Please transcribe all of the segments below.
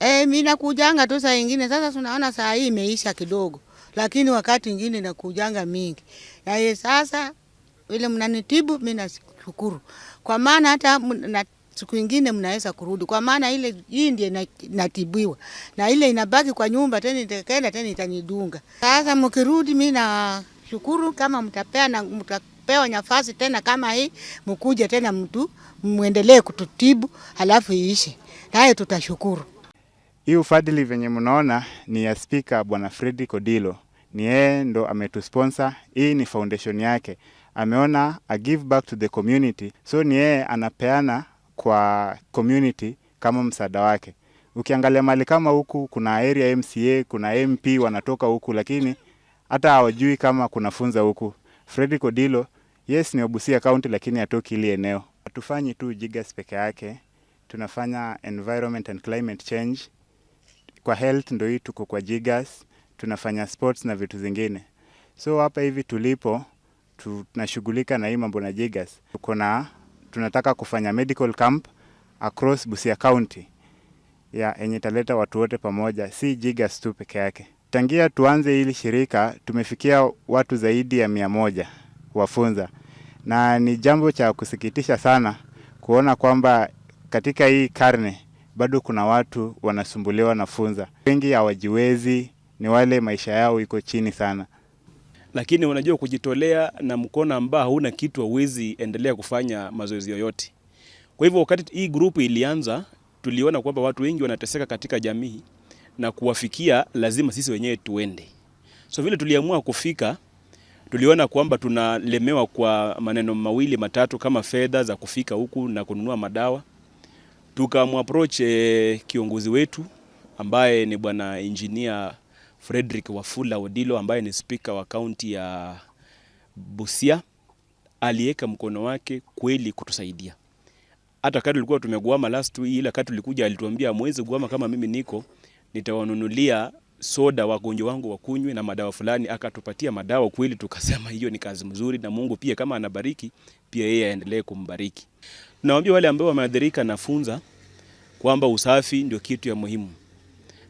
E, eh, mimi nakujanga tu saa ingine. Sasa tunaona saa hii imeisha kidogo, lakini wakati ingine nakujanga mingi naye. Yaani sasa vile mnanitibu mimi nashukuru, kwa maana hata na siku ingine mnaweza kurudi, kwa maana ile hii ndiye natibiwa na ile inabaki kwa nyumba tena, itakenda tena itanidunga. Sasa mkirudi, mi nashukuru kama mtapea na mta pewa nafasi tena kama hii, mkuje tena mtu muendelee kututibu, halafu iishe naye tutashukuru. Hii ufadhili venye mnaona ni ya spika bwana Fredrick Odilo, ni yeye ndo ametusponsor. Hii ni foundation yake, ameona a give back to the community, so ni yeye anapeana kwa community kama msaada wake. Ukiangalia mali kama huku kuna area MCA, kuna MP wanatoka huku, lakini hata hawajui kama kuna funza huku. Fredrick Odilo, yes ni Obusia County, lakini atoki ile eneo. Hatufanyi tu jigas peke yake, tunafanya environment and climate change kwa health ndo hii tuko kwa Jigas, tunafanya sports na vitu zingine. So hapa hivi tulipo tunashughulika na hii mambo na Jigas. Tuko na tunataka kufanya medical camp across Busia County ya yenye italeta watu wote pamoja, si Jigas tu peke yake. Tangia tuanze hili shirika tumefikia watu zaidi ya mia moja wafunza, na ni jambo cha kusikitisha sana kuona kwamba katika hii karne bado kuna watu wanasumbuliwa na funza. Wengi hawajiwezi, ni wale maisha yao iko chini sana. Lakini unajua kujitolea na mkono ambao hauna kitu, hauwezi endelea kufanya mazoezi yoyote. Kwa hivyo wakati hii grupu ilianza, tuliona kwamba watu wengi wanateseka katika jamii na kuwafikia, lazima sisi wenyewe tuende. So vile tuliamua kufika, tuliona kwamba tunalemewa kwa maneno mawili matatu kama fedha za kufika huku na kununua madawa tukamwaproach eh, kiongozi wetu ambaye ni bwana engineer Frederick Wafula Odilo ambaye ni spika wa kaunti ya Busia, aliweka mkono wake kweli kutusaidia. Hata kati tulikuwa tumeguama last week, ila kati tulikuja, alituambia mwezi guama kama mimi niko nitawanunulia soda wagonjwa wangu wakunywe na madawa fulani. Akatupatia madawa kweli, tukasema hiyo ni kazi mzuri, na Mungu pia kama anabariki pia yeye aendelee kumbariki. Naomba wale ambao wameathirika na funza kwamba usafi ndio kitu ya muhimu,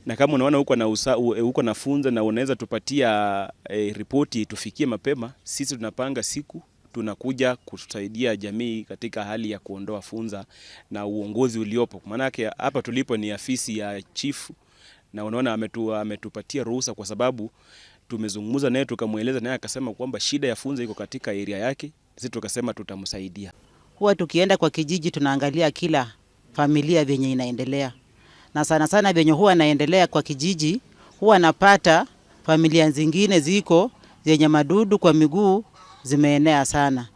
na kama unaona uko na, usa, uko na funza na unaweza tupatia e, ripoti tufikie mapema, sisi tunapanga siku tunakuja kusaidia jamii katika hali ya kuondoa funza na uongozi uliopo, maanake hapa tulipo ni afisi ya chifu na unaona ametu, ametupatia ruhusa kwa sababu tumezungumza naye tukamweleza, naye akasema kwamba shida ya funza iko katika eria yake. Sisi tukasema tutamsaidia. Huwa tukienda kwa kijiji tunaangalia kila familia vyenye inaendelea, na sana sana vyenye huwa naendelea kwa kijiji, huwa napata familia zingine ziko zenye madudu kwa miguu zimeenea sana.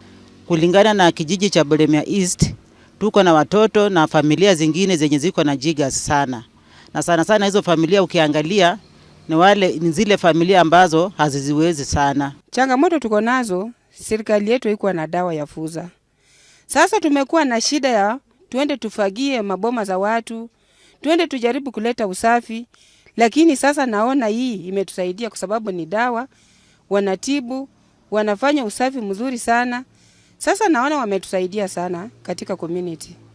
Kulingana na kijiji cha Bulemia East, tuko na watoto na familia zingine zenye ziko na jigas sana na sana sana hizo familia ukiangalia ni wale ni zile familia ambazo haziziwezi sana. Changamoto tuko nazo, serikali yetu haikuwa na dawa ya fuza. Sasa tumekuwa na shida ya tuende tufagie maboma za watu, tuende tujaribu kuleta usafi, lakini sasa naona hii imetusaidia kwa sababu ni dawa, wanatibu, wanafanya usafi mzuri sana. Sasa naona wametusaidia sana katika community.